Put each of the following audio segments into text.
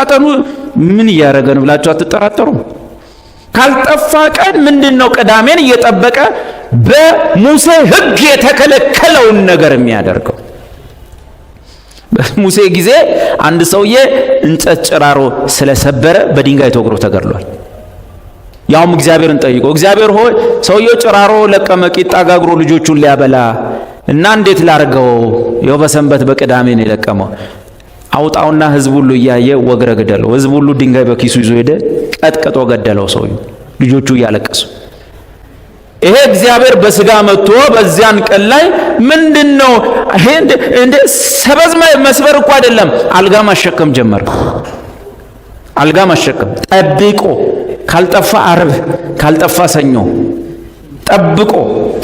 መፋጠኑ ምን እያደረገ ነው ብላችሁ አትጠራጠሩ። ካልጠፋ ቀን ምንድን ነው ቅዳሜን እየጠበቀ በሙሴ ሕግ የተከለከለውን ነገር የሚያደርገው? በሙሴ ጊዜ አንድ ሰውዬ እንጨት ጭራሮ ስለሰበረ በድንጋይ ተወግሮ ተገድሏል። ያውም እግዚአብሔርን ጠይቆ እግዚአብሔር ሆይ ሰውየው ጭራሮ ለቀመ፣ ቂጣ ጋግሮ ልጆቹን ሊያበላ እና እንዴት ላርገው? ይኸው በሰንበት በቅዳሜ ነው የለቀመው። አውጣውና ህዝብ ሁሉ እያየ ወግረ ገደለው። ህዝብ ሁሉ ድንጋይ በኪሱ ይዞ ሄደ፣ ቀጥቀጦ ገደለው። ሰው ልጆቹ እያለቀሱ ይሄ እግዚአብሔር በስጋ መጥቶ በዚያን ቀን ላይ ምንድን ነው እንደ ሰበዝ መስበር እኮ አይደለም፣ አልጋ ማሸከም ጀመረ። አልጋ ማሸከም ጠብቆ ካልጠፋ አርብ ካልጠፋ ሰኞ ጠብቆ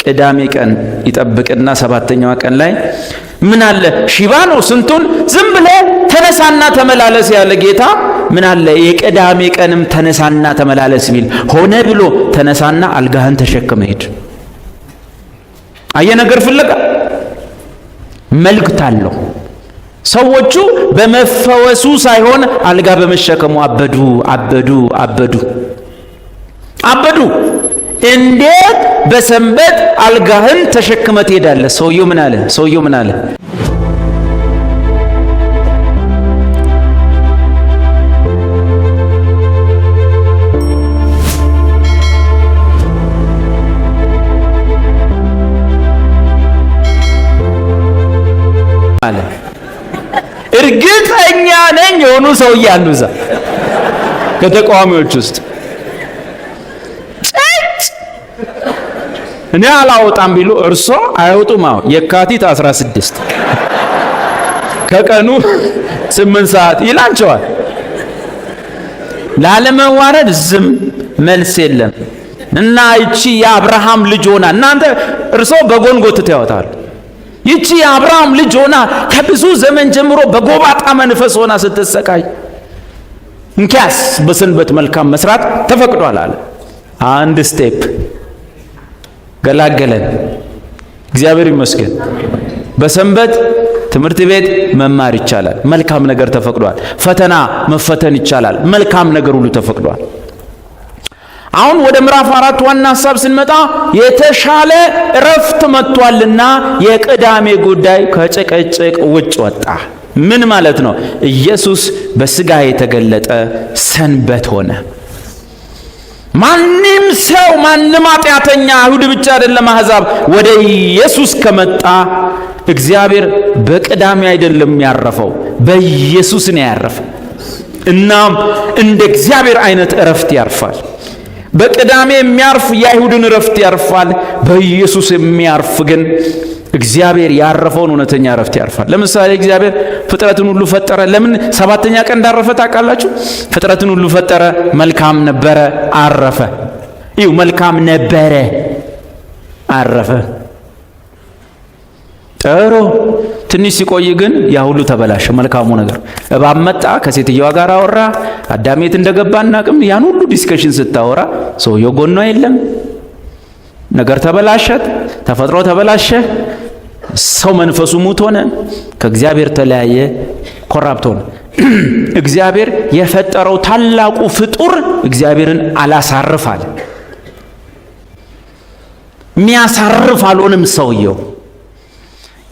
ቅዳሜ ቀን ይጠብቅና ሰባተኛዋ ቀን ላይ ምን አለ ሽባ ነው ስንቱን ዝም ብለ ተነሳና ተመላለስ ያለ ጌታ ምን አለ የቅዳሜ ቀንም ተነሳና ተመላለስ ቢል ሆነ ብሎ ተነሳና አልጋህን ተሸክመ ሄድ አየ ነገር ፍለጋ መልእክት አለው ሰዎቹ በመፈወሱ ሳይሆን አልጋ በመሸከሙ አበዱ አበዱ አበዱ አበዱ እንዴት በሰንበት አልጋህን ተሸክመ ትሄዳለህ? ሰውየው ምን አለ? ሰውየው ምን አለ? እርግጠኛ ነኝ የሆኑ ሰውዬ አሉ እዛ ከተቃዋሚዎች ውስጥ እኔ አላወጣም ቢሉ እርሶ አይወጡም። አሁን የካቲት 16 ከቀኑ 8 ሰዓት ይላቸዋል። ላለመዋረድ ዝም መልስ የለም እና ይቺ የአብርሃም ልጅ ሆና እናንተ እርሶ በጎን ጎትተው ያወጣሉ። ይቺ የአብርሃም ልጅ ሆና ከብዙ ዘመን ጀምሮ በጎባጣ መንፈስ ሆና ስትሰቃይ እንኪያስ በሰንበት መልካም መስራት ተፈቅዷል አለ። አንድ ስቴፕ ገላገለን። እግዚአብሔር ይመስገን። በሰንበት ትምህርት ቤት መማር ይቻላል። መልካም ነገር ተፈቅዷል። ፈተና መፈተን ይቻላል። መልካም ነገር ሁሉ ተፈቅዷል። አሁን ወደ ምዕራፍ አራት ዋና ሀሳብ ስንመጣ የተሻለ እረፍት መጥቷልና የቅዳሜ ጉዳይ ከጭቅጭቅ ውጭ ወጣ። ምን ማለት ነው? ኢየሱስ በስጋ የተገለጠ ሰንበት ሆነ። ማንም ሰው ማንም ኃጢአተኛ አይሁድ ብቻ አይደለም፣ አሕዛብ ወደ ኢየሱስ ከመጣ እግዚአብሔር በቅዳሜ አይደለም ያረፈው፣ በኢየሱስ ነው ያረፈ። እናም እንደ እግዚአብሔር አይነት እረፍት ያርፋል። በቅዳሜ የሚያርፍ የአይሁድን እረፍት ያርፋል። በኢየሱስ የሚያርፍ ግን እግዚአብሔር ያረፈውን እውነተኛ እረፍት ያርፋል። ለምሳሌ እግዚአብሔር ፍጥረትን ሁሉ ፈጠረ። ለምን ሰባተኛ ቀን እንዳረፈ ታውቃላችሁ? ፍጥረትን ሁሉ ፈጠረ፣ መልካም ነበረ፣ አረፈ። ይሁ መልካም ነበረ፣ አረፈ። ጥሩ ትንሽ ሲቆይ ግን ያ ሁሉ ተበላሸ። መልካሙ ነገር እባብ መጣ፣ ከሴትየዋ ጋር አወራ። አዳም የት እንደገባ እናቅም። ያን ሁሉ ዲስከሽን ስታወራ ሰውየው ጎኗ የለም። ነገር ተበላሸ፣ ተፈጥሮ ተበላሸ። ሰው መንፈሱ ሙት ሆነ፣ ከእግዚአብሔር ተለያየ፣ ኮራፕት ሆነ። እግዚአብሔር የፈጠረው ታላቁ ፍጡር እግዚአብሔርን አላሳርፋል። የሚያሳርፍ አልሆንም ሰውየው።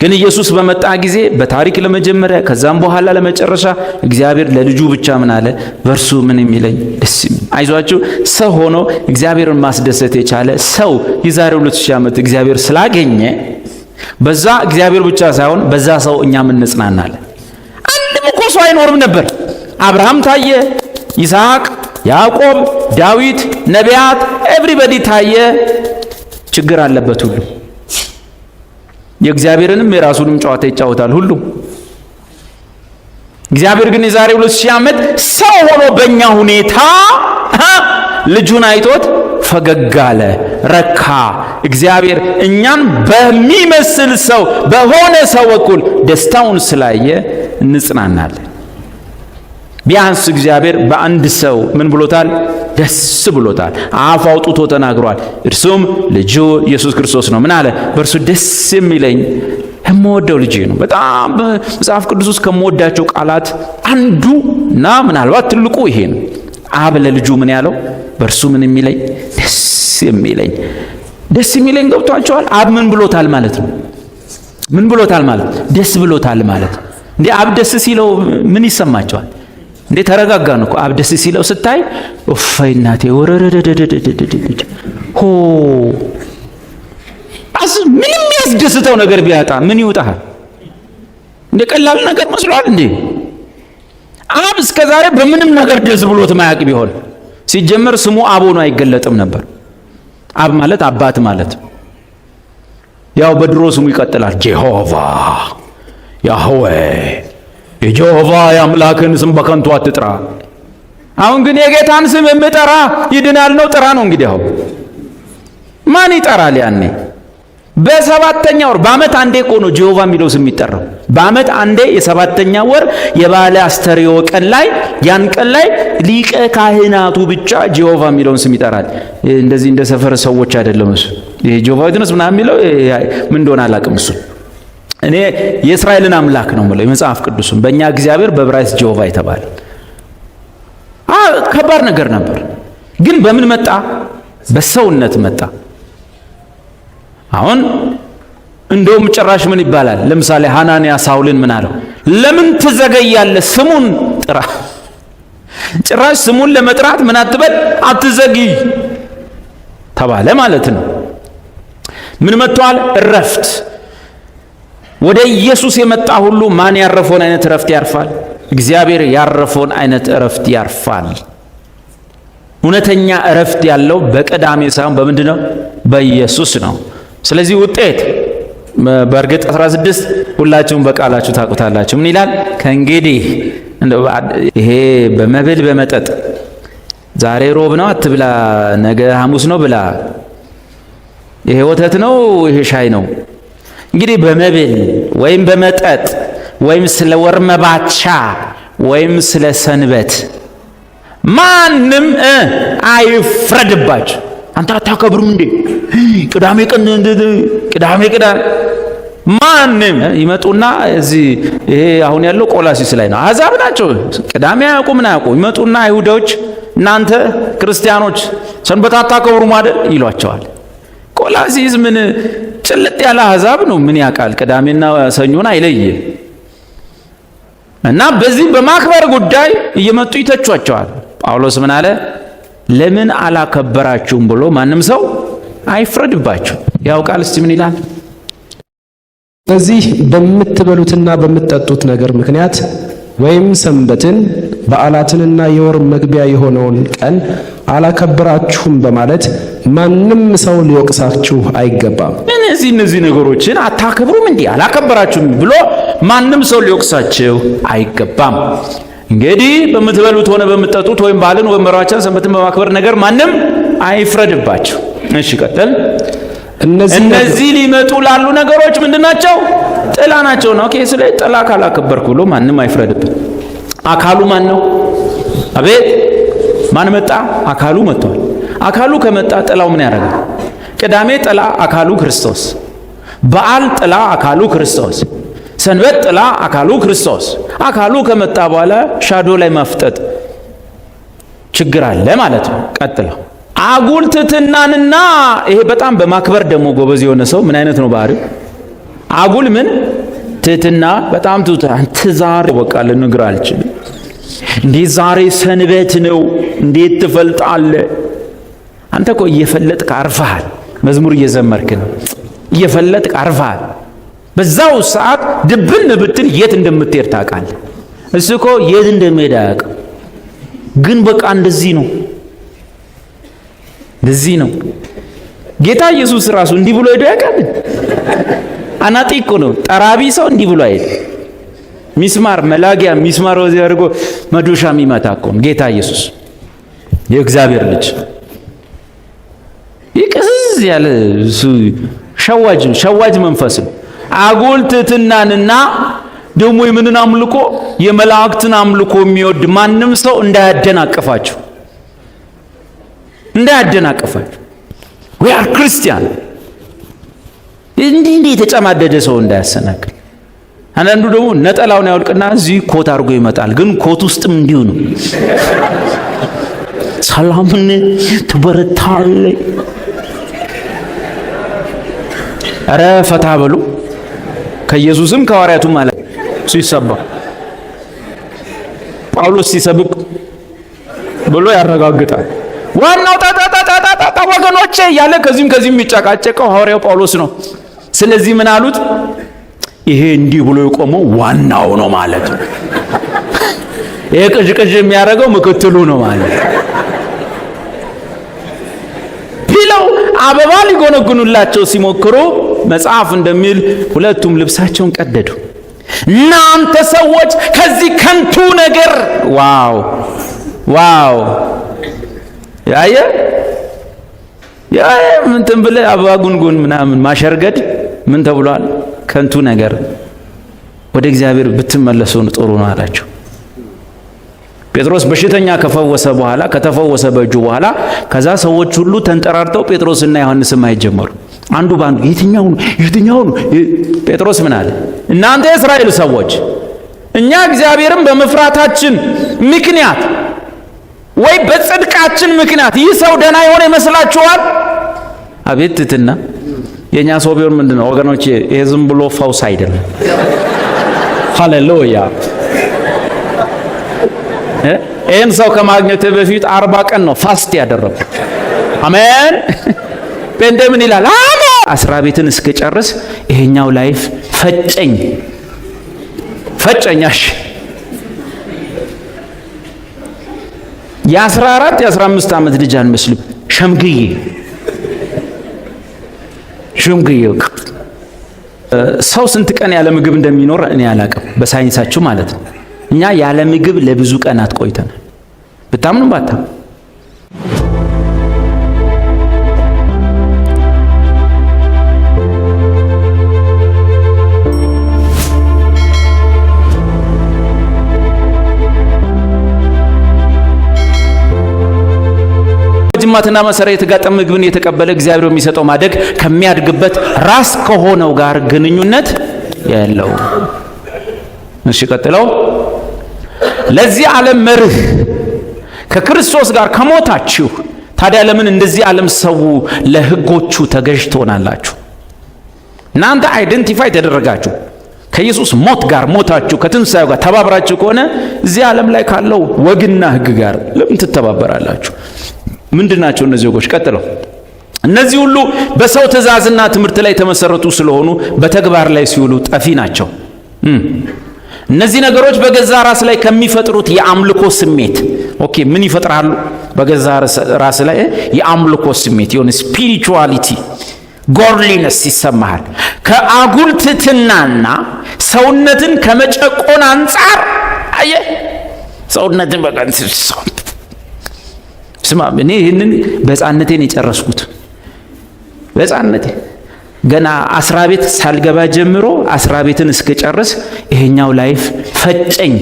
ግን ኢየሱስ በመጣ ጊዜ በታሪክ ለመጀመሪያ ከዛም በኋላ ለመጨረሻ እግዚአብሔር ለልጁ ብቻ ምን አለ? በእርሱ ምን የሚለኝ ደስ የሚል አይዟችሁ። ሰው ሆኖ እግዚአብሔርን ማስደሰት የቻለ ሰው የዛሬ ሁለት ዓመት እግዚአብሔር ስላገኘ በዛ እግዚአብሔር ብቻ ሳይሆን በዛ ሰው እኛም እንጽናናለን። አንድም እኮ ሰው አይኖርም ነበር። አብርሃም ታየ፣ ይስሐቅ፣ ያዕቆብ፣ ዳዊት፣ ነቢያት፣ ኤቭሪበዲ ታየ። ችግር አለበት ሁሉ የእግዚአብሔርንም የራሱንም ጨዋታ ይጫወታል ሁሉ። እግዚአብሔር ግን የዛሬ ሁለት ሺህ ዓመት ሰው ሆኖ በእኛ ሁኔታ ልጁን አይቶት ፈገግ አለ፣ ረካ። እግዚአብሔር እኛን በሚመስል ሰው በሆነ ሰው በኩል ደስታውን ስላየ እንጽናናለን። ቢያንስ እግዚአብሔር በአንድ ሰው ምን ብሎታል? ደስ ብሎታል። አፍ አውጥቶ ተናግሯል። እርሱም ልጁ ኢየሱስ ክርስቶስ ነው። ምን አለ? በእርሱ ደስ የሚለኝ የምወደው ልጄ ነው። በጣም መጽሐፍ ቅዱስ ውስጥ ከምወዳቸው ቃላት አንዱ እና ምናልባት ትልቁ ይሄ ነው። አብ ለልጁ ምን ያለው በእርሱ ምን የሚለኝ ደስ የሚለኝ ደስ የሚለኝ ገብቷቸዋል። አብ ምን ብሎታል ማለት ነው? ምን ብሎታል ማለት ደስ ብሎታል ማለት እንዴ። አብ ደስ ሲለው ምን ይሰማቸዋል? እንዴ ተረጋጋን እኮ አብ ደስ ሲለው ስታይ እፎይ እናቴ ወረረደደደደደደደ ሆ አስ ምንም የሚያስደስተው ነገር ቢያጣ ምን ይውጣሃል? እንደ ቀላል ነገር መስሏል እንዴ? አብ እስከዛሬ በምንም ነገር ደስ ብሎት ማያቅ ቢሆን ሲጀመር ስሙ አብ ሆኖ አይገለጥም ነበር። አብ ማለት አባት ማለት ያው በድሮ ስሙ ይቀጥላል። ጄሆቫ ያህዌ፣ የጄሆቫ የአምላክን ስም በከንቱ አትጥራ። አሁን ግን የጌታን ስም የምጠራ ይድናል ነው ጥራ ነው እንግዲህ። አሁን ማን ይጠራል? ያኔ በሰባተኛ ወር በዓመት አንዴ እኮ ነው ጄሆቫ የሚለው ስም ይጠራው በዓመት አንዴ የሰባተኛ ወር የባለ አስተርእዮ ቀን ላይ ያን ቀን ላይ ሊቀ ካህናቱ ብቻ ጄሆቫ የሚለውን ስም ይጠራል። እንደዚህ እንደ ሰፈር ሰዎች አይደለም። እሱ ይሄ ጄሆቫ ዊትነስ ምናምን የሚለው ምን እንደሆነ አላቅም። እሱ እኔ የእስራኤልን አምላክ ነው የምለው የመጽሐፍ ቅዱስም በእኛ እግዚአብሔር በብራይስ ጄሆቫ የተባለ ከባድ ነገር ነበር። ግን በምን መጣ? በሰውነት መጣ። አሁን እንደውም ጭራሽ ምን ይባላል? ለምሳሌ ሐናንያ ሳውልን ምን አለው? ለምን ትዘገያለህ? ስሙን ጥራ። ጭራሽ ስሙን ለመጥራት ምን አትበል፣ አትዘግይ ተባለ ማለት ነው። ምን መጥቷል? እረፍት። ወደ ኢየሱስ የመጣ ሁሉ ማን ያረፈውን አይነት እረፍት ያርፋል? እግዚአብሔር ያረፈውን አይነት እረፍት ያርፋል። እውነተኛ እረፍት ያለው በቀዳሜ ሳይሆን በምንድን ነው? በኢየሱስ ነው። ስለዚህ ውጤት በእርግጥ 16 ሁላችሁም በቃላችሁ ታውቁታላችሁ። ምን ይላል? ከእንግዲህ ይሄ በመብል በመጠጥ ዛሬ ሮብ ነው አትብላ፣ ነገ ሐሙስ ነው ብላ፣ ይሄ ወተት ነው፣ ይሄ ሻይ ነው። እንግዲህ በመብል ወይም በመጠጥ ወይም ስለ ወር መባቻ ወይም ስለ ሰንበት ማንም አይፍረድባችሁ። አንተ አታከብሩም እንዴ? ቅዳሜ ቅዳሜ ቅዳሜ ማንም ይመጡና እዚህ ይሄ አሁን ያለው ቆላሲስ ላይ ነው። አሕዛብ ናቸው። ቅዳሜ አያውቁ ምን አያውቁ። ይመጡና አይሁዳዎች እናንተ ክርስቲያኖች ሰንበት ከብሩ ማደር ይሏቸዋል። ቆላሲስ ምን ጭልጥ ያለ አሕዛብ ነው። ምን ያውቃል? ቅዳሜና ሰኞን አይለይም። እና በዚህ በማክበር ጉዳይ እየመጡ ይተቿቸዋል። ጳውሎስ ምን አለ? ለምን አላከበራችሁም ብሎ ማንም ሰው አይፍረድባችሁ። ያውቃል። እስቲ ምን ይላል? በዚህ በምትበሉትና በምትጠጡት ነገር ምክንያት ወይም ሰንበትን በዓላትንና የወር መግቢያ የሆነውን ቀን አላከብራችሁም በማለት ማንም ሰው ሊወቅሳችሁ አይገባም። እነዚህ እነዚህ ነገሮችን አታከብሩም እንዲህ አላከበራችሁም ብሎ ማንም ሰው ሊወቅሳችሁ አይገባም። እንግዲህ በምትበሉት ሆነ በምትጠጡት ወይም በዓልን ወይም መራቻን ሰንበትን በማክበር ነገር ማንም አይፍረድባችሁ። እሺ ቀጥል እነዚህ ሊመጡ ላሉ ነገሮች ምንድናቸው? ጥላ ናቸው ነው። ኦኬ ስለ ጥላ ካላከበርክ ብሎ ማንም አይፍረድብን። አካሉ ማን ነው? አቤት ማን መጣ? አካሉ መጥቷል። አካሉ ከመጣ ጥላው ምን ያደርጋል? ቅዳሜ ጥላ አካሉ ክርስቶስ፣ በዓል ጥላ አካሉ ክርስቶስ፣ ሰንበት ጥላ አካሉ ክርስቶስ። አካሉ ከመጣ በኋላ ሻዶ ላይ ማፍጠጥ ችግር አለ ማለት ነው። ቀጥለው አጉል ትትናንና ይሄ በጣም በማክበር ደግሞ ጎበዝ የሆነ ሰው ምን አይነት ነው ባህሪው? አጉል ምን ትትና በጣም ትሑት። አንተ ዛሬ በቃ ልነግር አልችልም። እንዴት ዛሬ ሰንበት ነው፣ እንዴት ትፈልጣለ? አንተ እኮ እየፈለጥክ አርፈሃል። መዝሙር እየዘመርክ ነው፣ እየፈለጥክ አርፈሃል። በዛው ሰዓት ድብን ብትል የት እንደምትሄድ ታውቃለህ። እሱ እኮ የት እንደሚሄድ አያውቅም። ግን በቃ እንደዚህ ነው ለዚህ ነው ጌታ ኢየሱስ ራሱ እንዲህ ብሎ ሄዶ ያውቃል። አናጢ እኮ ነው። ጠራቢ ሰው እንዲህ ብሎ አይል ሚስማር መላጊያ ሚስማር ወዚ አድርጎ መዶሻ የሚመታ እኮ ነው ጌታ ኢየሱስ የእግዚአብሔር ልጅ። ይቅስዝ ያለ ሸዋጅ ሸዋጅ መንፈስ ነው። አጉል ትሕትናንና ደግሞ የምንን አምልኮ የመላእክትን አምልኮ የሚወድ ማንም ሰው እንዳያደናቅፋችሁ እንዳያደናቅፋችሁ። ዊ አር ክርስቲያን እንዲህ እንዲህ የተጨማደደ ሰው እንዳያሰናክል። አንዳንዱ ደግሞ ነጠላውን ያውልቅና እዚህ ኮት አድርጎ ይመጣል። ግን ኮት ውስጥም እንዲሁ ነው። ሰላምን ትበረታለ። ኧረ ፈታ በሉ ከኢየሱስም ከዋርያቱም ማለት እሱ ይሰባ ጳውሎስ ሲሰብክ ብሎ ያረጋግጣል። ዋናው ጣጣጣጣጣጣ ወገኖቼ እያለ ከዚህም ከዚህም የሚጨቃጨቀው ሐዋርያው ጳውሎስ ነው። ስለዚህ ምን አሉት? ይሄ እንዲህ ብሎ የቆመው ዋናው ነው ማለት ነው። ይሄ ቅዥቅዥ የሚያደርገው ምክትሉ ነው ማለት ነው። ቢለው አበባ ሊጎነጉኑላቸው ሲሞክሩ መጽሐፍ እንደሚል ሁለቱም ልብሳቸውን ቀደዱ። እናንተ ሰዎች ከዚህ ከንቱ ነገር ዋው ዋው ያየ ያየ እንትን ብለህ አበባ ጉንጉን ምናምን ማሸርገድ ምን ተብሏል? ከንቱ ነገር። ወደ እግዚአብሔር ብትመለሱ ጥሩ ነው አላቸው። ጴጥሮስ በሽተኛ ከፈወሰ በኋላ ከተፈወሰ በእጁ በኋላ ከዛ ሰዎች ሁሉ ተንጠራርተው ጴጥሮስና ዮሐንስም አይጀመሩ አንዱ ባንዱ የትኛው ነው የትኛው ነው? ጴጥሮስ ምን አለ? እናንተ የእስራኤል ሰዎች እኛ እግዚአብሔርን በመፍራታችን ምክንያት ወይ በጽድቃችን ምክንያት ይህ ሰው ደህና የሆነ ይመስላችኋል? አቤት ትትና የእኛ ሰው ቢሆን ምንድን ነው ወገኖች፣ ይሄ ዝም ብሎ ፈውስ አይደለም። ሃሌሉያ። ይህን ሰው ከማግኘት በፊት አርባ ቀን ነው ፋስት ያደረጉ። አሜን። ጴንጤ ምን ይላል? አስራ ቤትን እስከጨርስ ይሄኛው ላይፍ ፈጨኝ ፈጨኛሽ የአስራ አራት የአስራ አምስት ዓመት ልጅ አልመስልም። ሸምግዬ ሸምግዬ ሰው ስንት ቀን ያለ ምግብ እንደሚኖር እኔ አላቅም፣ በሳይንሳችሁ ማለት ነው። እኛ ያለ ምግብ ለብዙ ቀናት ቆይተናል። ብታምኑ ባታም ጅማትና መሰረ የተጋጠመ ምግብን የተቀበለ እግዚአብሔር የሚሰጠው ማደግ ከሚያድግበት ራስ ከሆነው ጋር ግንኙነት ያለው። እሺ፣ ቀጥለው ለዚህ ዓለም መርህ ከክርስቶስ ጋር ከሞታችሁ ታዲያ ለምን እንደዚህ ዓለም ሰው ለህጎቹ ተገዥ ትሆናላችሁ? እናንተ አይደንቲፋይ ተደረጋችሁ ከኢየሱስ ሞት ጋር ሞታችሁ ከትንሣኤው ጋር ተባብራችሁ ከሆነ እዚህ ዓለም ላይ ካለው ወግና ህግ ጋር ለምን ትተባበራላችሁ? ምንድን ናቸው እነዚህ ወጎች? ቀጥለው እነዚህ ሁሉ በሰው ትእዛዝና ትምህርት ላይ የተመሰረቱ ስለሆኑ በተግባር ላይ ሲውሉ ጠፊ ናቸው። እነዚህ ነገሮች በገዛ ራስ ላይ ከሚፈጥሩት የአምልኮ ስሜት ኦኬ፣ ምን ይፈጥራሉ? በገዛ ራስ ላይ የአምልኮ ስሜት የሆነ ስፒሪቹዋሊቲ ጎርሊነስ ይሰማሃል። ከአጉል ሰውነትን ከመጨቆን አንጻር አየህ፣ ሰውነትን በቀን ስማ እኔ ይህንን በሕፃንነቴን የጨረስኩት በሕፃንነቴ ገና አስራ ቤት ሳልገባ ጀምሮ አስራ ቤትን እስከጨርስ ይሄኛው ላይፍ ፈጨኝ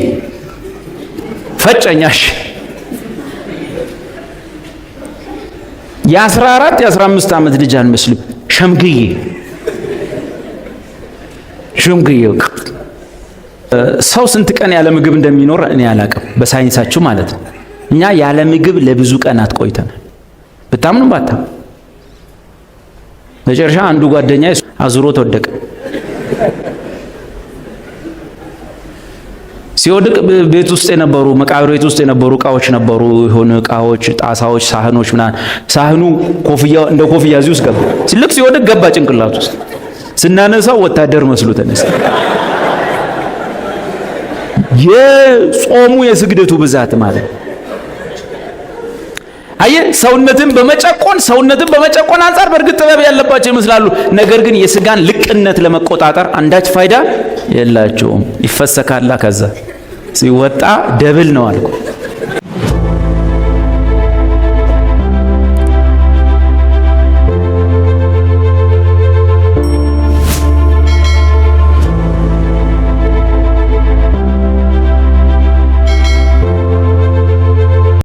ፈጨኛሽ የአስራ አራት የአስራ አምስት ዓመት ልጅ አልመስልም። ሸምግዬ ሸምግዬ ሰው ስንት ቀን ያለ ምግብ እንደሚኖር እኔ አላቅም፣ በሳይንሳችሁ ማለት ነው። እኛ ያለ ምግብ ለብዙ ቀናት ቆይተናል። ብታምኑ ባታም መጨረሻ አንዱ ጓደኛ አዙሮ ተወደቀ። ሲወድቅ ቤት ውስጥ የነበሩ መቃብር ቤት ውስጥ የነበሩ እቃዎች ነበሩ። የሆነ እቃዎች፣ ጣሳዎች፣ ሳህኖች ምናምን። ሳህኑ ኮፍያ እንደ ኮፍያ እዚህ ውስጥ ገባ። ትልቅ ሲወድቅ ገባ ጭንቅላት ውስጥ። ስናነሳው ወታደር መስሎ ተነሳ። የጾሙ የስግደቱ ብዛት ማለት አየ ሰውነትን በመጨቆን ሰውነትን በመጨቆን አንጻር በእርግጥ ጥበብ ያለባቸው ይመስላሉ። ነገር ግን የስጋን ልቅነት ለመቆጣጠር አንዳች ፋይዳ የላቸውም። ይፈሰካላ ከዛ ሲወጣ ደብል ነው አልኩ።